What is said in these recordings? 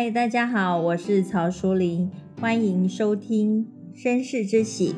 嗨，Hi, 大家好，我是曹淑玲，歡迎收聽《身世之喜》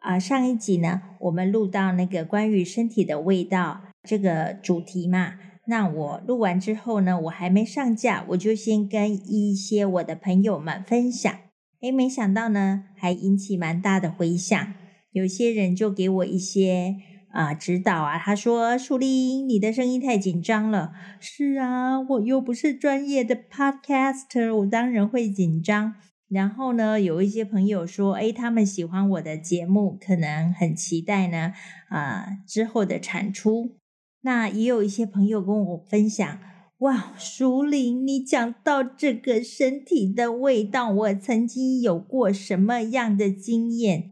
啊。上一集呢，我們錄到那個關於身體的味道這個主題嘛。那我錄完之後呢，我還沒上架，我就先跟一些我的朋友們分享。哎，沒想到呢，還引起蠻大的回響，有些人就給我一些。啊，指導啊，他說：“樹林，你的聲音太緊張了。”是啊，我又不是專業的 podcaster，我當然會緊張。然後呢，有一些朋友說：“哎，他們喜歡我的節目，可能很期待呢，啊，之後的產出。”那也有一些朋友跟我分享：“哇，樹林，你講到這個身體的味道，我曾經有過什麼樣的經驗？”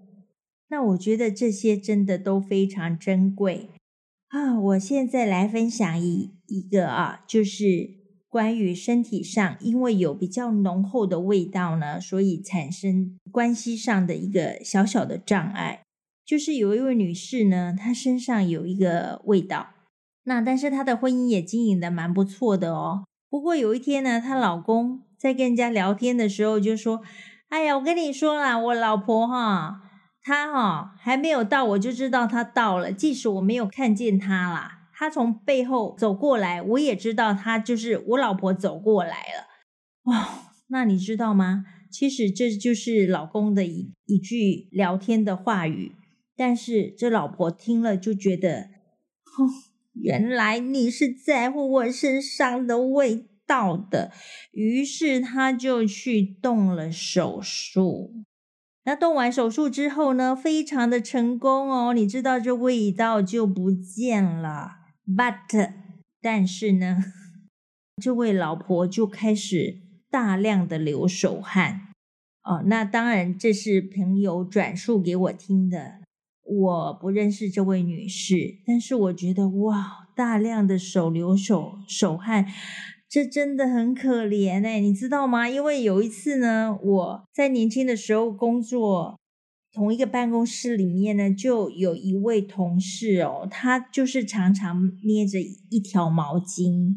那我覺得這些真的都非常珍貴啊！我現在來分享一一個啊，就是關於身體上，因為有比較濃厚的味道呢，所以產生關係上的一個小小的障礙。就是有一位女士呢，她身上有一個味道，那但是她的婚姻也經營得蠻不錯的哦。不過有一天呢，她老公在跟人家聊天的時候就說：“哎呀，我跟你說啦，我老婆哈。”他哈、哦、還沒有到，我就知道他到了。即使我沒有看見他啦，他從背後走過來，我也知道他就是我老婆走過來了。哦，那你知道嗎？其實這就是老公的一一句聊天的話語，但是這老婆聽了就覺得，哦，原來你是在乎我身上的味道的。於是她就去動了手術。那動完手術之後呢，非常的成功哦，你知道這味道就不見了。But，但是呢，這位老婆就開始大量的流手汗。哦，那當然這是朋友轉述給我聽的，我不認識這位女士，但是我覺得哇，大量的手流手手汗。這真的很可憐誒，你知道嗎？因為有一次呢，我在年輕的時候工作，同一個辦公室裡面呢，就有一位同事哦，他就是常常捏着一條毛巾。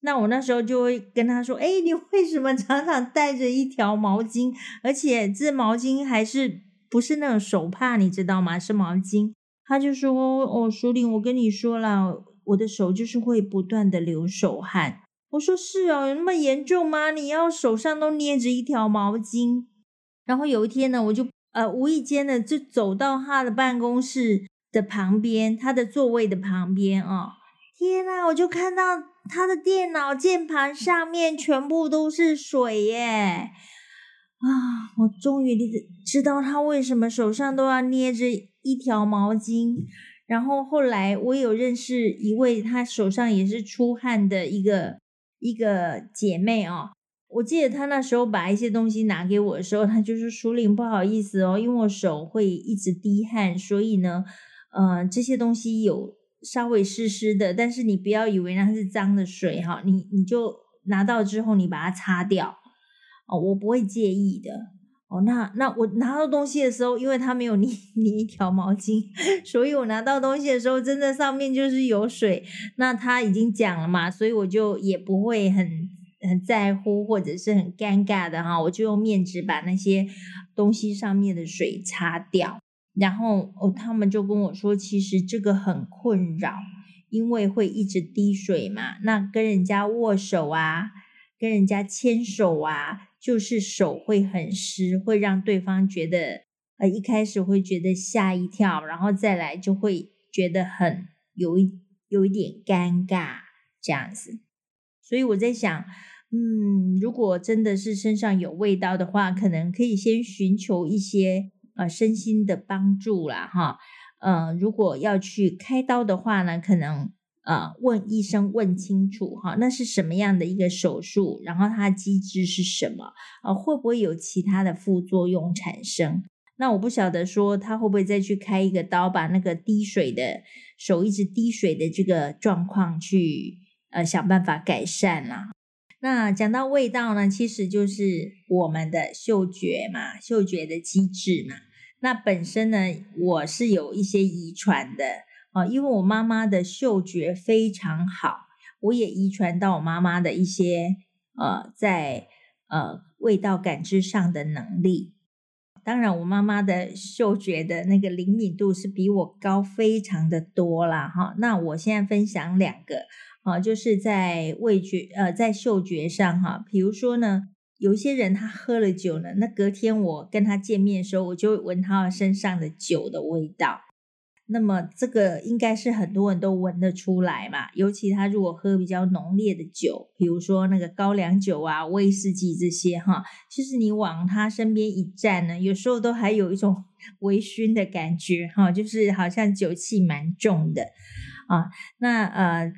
那我那時候就會跟他說：“哎，你為什麼常常帶着一條毛巾？而且這毛巾還是不是那種手帕，你知道嗎？是毛巾。”他就說：“哦，淑玲，我跟你說啦，我的手就是會不斷的流手汗。”我說是哦、啊，有那麼嚴重嗎？你要手上都捏着一條毛巾。然後有一天呢，我就呃無意間的就走到他的辦公室的旁邊，他的座位的旁邊哦。天吶，我就看到他的電腦鍵盤上面全部都是水耶！啊，我終於知知道他為什麼手上都要捏着一條毛巾。然後後來我也有認識一位，他手上也是出汗的一個。一個姐妹哦，我記得她那時候把一些東西拿給我的時候，她就是手領，不好意思哦，因為我手會一直滴汗，所以呢，呃，這些東西有稍微濕濕的，但是你不要以為那是髒的水哈，你你就拿到之後你把它擦掉哦，我不會介意的。哦，那那我拿到東西的時候，因為他沒有擰擰一條毛巾，所以我拿到東西的時候，真的上面就是有水。那他已經講了嘛，所以我就也不會很很在乎或者是很尷尬的哈。我就用面紙把那些東西上面的水擦掉，然後哦，他們就跟我說，其實這個很困擾，因為會一直滴水嘛。那跟人家握手啊，跟人家牽手啊。就是手會很濕，會讓對方覺得，呃，一開始會覺得嚇一跳，然後再來就會覺得很有，一有一點尷尬這樣子。所以我在想，嗯，如果真的是身上有味道的話，可能可以先尋求一些呃身心的幫助啦。哈。呃，如果要去開刀的話呢，可能。呃，問醫生，問清楚哈，那是什麼樣的一個手術？然後它機制是什麼？啊，會不會有其他的副作用產生？那我不曉得說他會不會再去開一個刀，把那個滴水的手一直滴水的這個狀況去呃想辦法改善啦、啊。那講到味道呢，其實就是我們的嗅覺嘛，嗅覺的機制嘛。那本身呢，我是有一些遺傳的。啊，因為我媽媽的嗅覺非常好，我也遺傳到我媽媽的一些呃，在呃味道感知上的能力。當然，我媽媽的嗅覺的那個靈敏度是比我高非常的多啦。哈，那我現在分享兩個啊，就是在味覺呃，在嗅覺上哈，比如說呢，有些人他喝了酒呢，那隔天我跟他見面的時候，我就聞他身上的酒的味道。那麼這個應該是很多人都聞得出來嘛，尤其他如果喝比較濃烈的酒，比如說那個高粱酒啊、威士忌這些哈，其實你往他身邊一站呢，有時候都還有一種微醺的感覺哈，就是好像酒氣蠻重的，啊，那呃，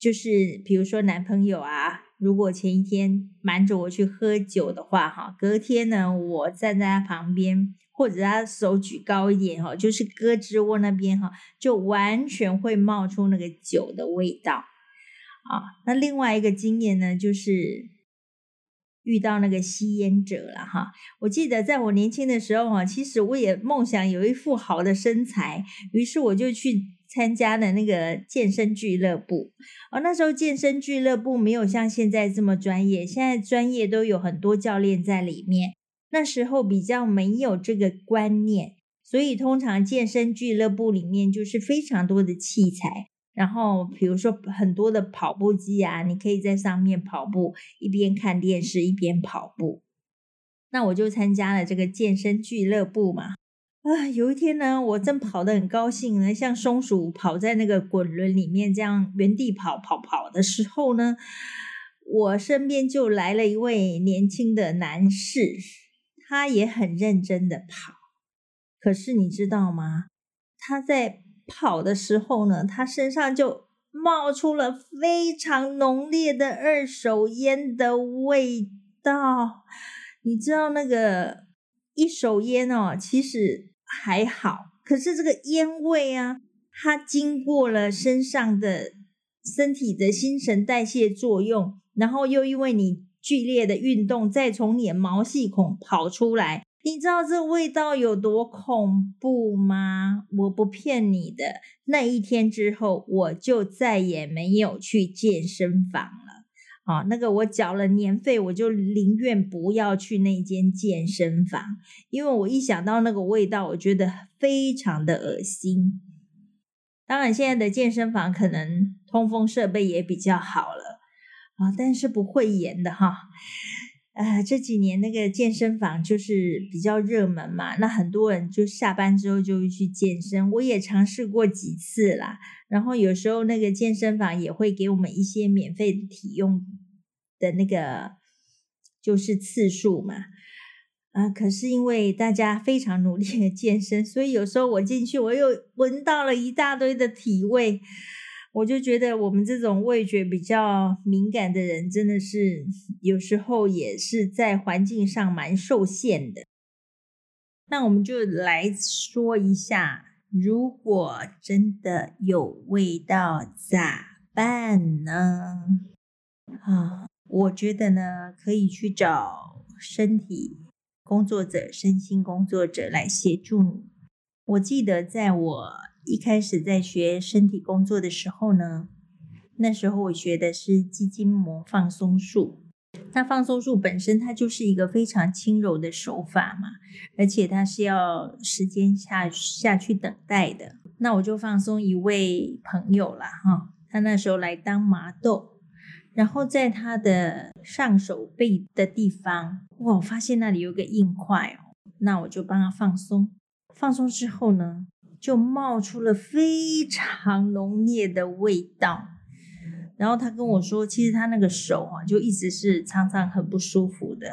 就是比如說男朋友啊。如果前一天瞞着我去喝酒的話，哈，隔天呢，我站在他旁邊，或者他手舉高一點，哈，就是胳肢窩那邊，哈，就完全會冒出那個酒的味道，啊。那另外一個經驗呢，就是遇到那個吸煙者了，哈。我記得在我年輕的時候，哈，其實我也夢想有一副好的身材，於是我就去。參加的那個健身俱樂部，哦，那時候健身俱樂部沒有像現在這麼專業，現在專業都有很多教練在裡面。那時候比較沒有這個觀念，所以通常健身俱樂部裡面就是非常多的器材，然後比如說很多的跑步機啊，你可以在上面跑步，一邊看電視一邊跑步。那我就參加了這個健身俱樂部嘛。啊，有一天呢，我正跑得很高興呢，像松鼠跑在那個滾輪裡面這樣原地跑跑跑的時候呢，我身邊就來了一位年輕的男士，他也很認真的跑，可是你知道嗎？他在跑的時候呢，他身上就冒出了非常濃烈的二手煙的味道，你知道那個一手煙哦，其實。還好，可是這個煙味啊，它經過了身上的身體的新陳代謝作用，然後又因為你劇烈的運動，再從你的毛細孔跑出來，你知道這味道有多恐怖嗎？我不騙你的，那一天之後，我就再也沒有去健身房。啊、哦，那個我繳了年費，我就寧願不要去那間健身房，因為我一想到那個味道，我覺得非常的噁心。當然，現在的健身房可能通風設備也比較好了啊、哦，但是不會嚴的哈。呃，這幾年那個健身房，就是比較熱門嘛，那很多人就下班之後就去健身，我也嘗試過幾次啦。然後有時候那個健身房也會給我們一些免費的體用的那個，就是次數嘛。啊、呃，可是因為大家非常努力的健身，所以有時候我進去，我又聞到了一大堆的體味。我就覺得我們這種味覺比較敏感的人真的是有時候也是在環境上蠻受限的。那我們就來說一下，如果真的有味道咋辦呢？啊，我覺得呢，可以去找身體工作者、身心工作者來協助你。我記得在我。一開始在學身體工作的時候呢，那時候我學的是肌筋膜放鬆術。那放鬆術本身它就是一個非常輕柔的手法嘛，而且它是要時間下下去等待的。那我就放鬆一位朋友啦哈，他那時候來當麻豆，然後在他的上手背的地方，哇，我發現那裡有個硬塊哦，那我就幫他放鬆。放鬆之後呢，就冒出了非常濃烈的味道，然後他跟我說，其實他那個手啊，就一直是常常很不舒服的，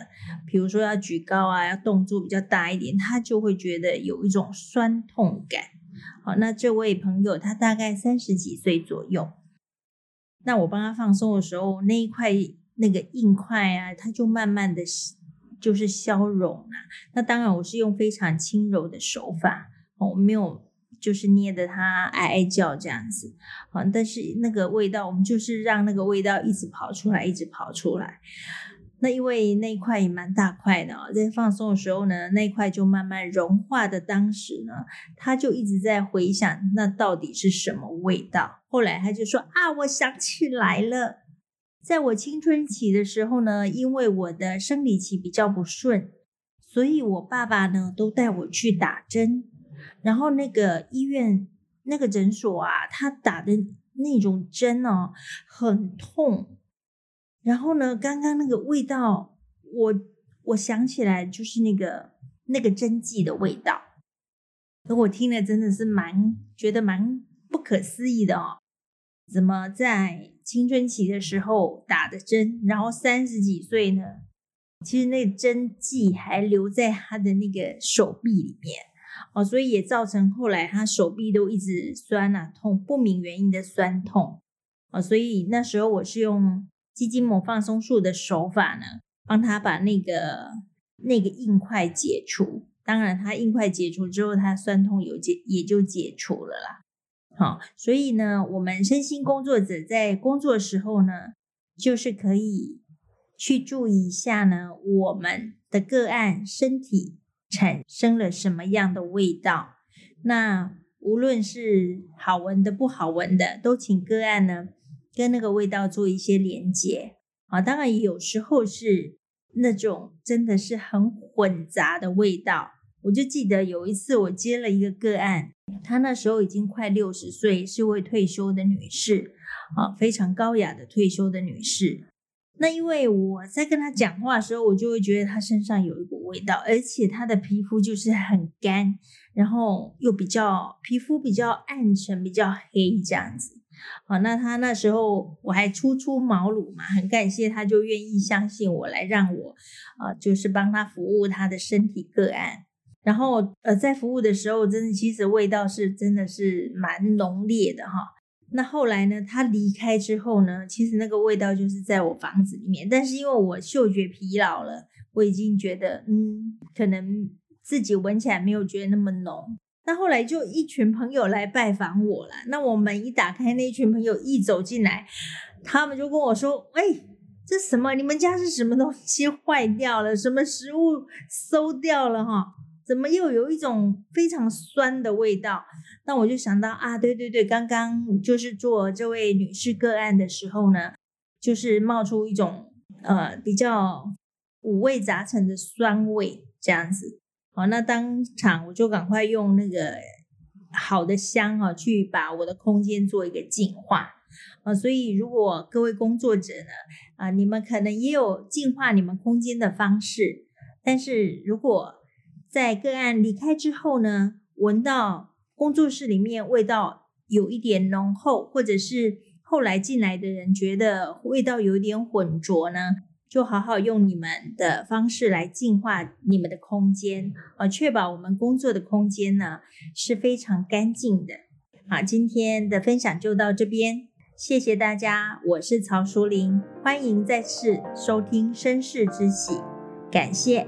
比如說要舉高啊，要動作比較大一點，他就會覺得有一種酸痛感。好，那這位朋友他大概三十幾歲左右，那我幫他放鬆的時候，那一塊那個硬塊啊，他就慢慢的就是消融了啊。那當然，我是用非常輕柔的手法哦，我沒有。就是捏的他哀哀叫這樣子啊，但是那個味道，我們就是讓那個味道一直跑出來，一直跑出來。那因為那塊也蠻大塊的啊，在放鬆的時候呢，那塊就慢慢融化的。當時呢，他就一直在回想那到底是什麼味道。後來他就說啊，我想起來了，在我青春期的時候呢，因為我的生理期比較不順，所以我爸爸呢都帶我去打針。然後那個醫院那個診所啊，他打的那種針哦，很痛。然後呢，剛剛那個味道，我我想起來就是那個那個針劑的味道。可我聽了真的是蠻覺得蠻不可思議的哦，怎麼在青春期的時候打的針，然後三十幾歲呢？其實那個針劑還留在他的那個手臂裡面。哦，所以也造成後來他手臂都一直痠啊痛，不明原因的痠痛。哦，所以那時候我是用肌筋膜放鬆術的手法呢，幫他把那個那個硬塊解除。當然，他硬塊解除之後，他痠痛有解也就解除了啦。好，哦，所以呢，我們身心工作者在工作時候呢，就是可以去注意一下呢，我們的個案身體，產生了什麼樣的味道？那無論是好聞的、不好聞的，都請個案呢，跟那個味道做一些連接啊。當然，有時候是那種真的是很混雜的味道。我就記得有一次我接了一個個案，她那時候已經快六十歲，是位退休的女士啊，非常高雅的退休的女士。那因為我在跟他講話的時候，我就會覺得他身上有一股味道，而且他的皮膚就是很乾，然後又比較皮膚比較暗沉，比較黑這樣子。好，那他那時候我還初出茅廬嘛，很感謝他，就願意相信我來讓我啊，就是幫他服務他的身體個案。然後呃，在服務的時候，真的其實味道是真的是蠻濃烈的哈。那後來呢？他離開之後呢？其實那個味道就是在我房子裡面，但是因為我嗅覺疲勞了，我已經覺得嗯，可能自己聞起來沒有覺得那麼濃。那後來就一群朋友來拜訪我了，那我們一打開，那一群朋友一走進來，他們就跟我說：“誒，哎，這什麼？你們家是什麼東西壞掉了？什麼食物餿掉了？哈？”怎麼又有一種非常酸的味道？那我就想到啊，對對對，剛剛就是做這位女士個案的時候呢，就是冒出一種呃比較五味雜陳的酸味這樣子。好，那當場我就趕快用那個好的香哈去把我的空間做一個淨化啊、呃。所以如果各位工作者呢，啊、呃，你們可能也有淨化你們空間的方式，但是如果在個案離開之後呢，聞到工作室裡面味道有一點濃厚，或者是後來進來的人覺得味道有點混濁呢，就好好用你們的方式來淨化你們的空間啊，確保我們工作的空間呢是非常乾淨的。好，今天的分享就到這邊，謝謝大家，我是曹淑玲，歡迎再次收聽《紳士之喜》，感謝。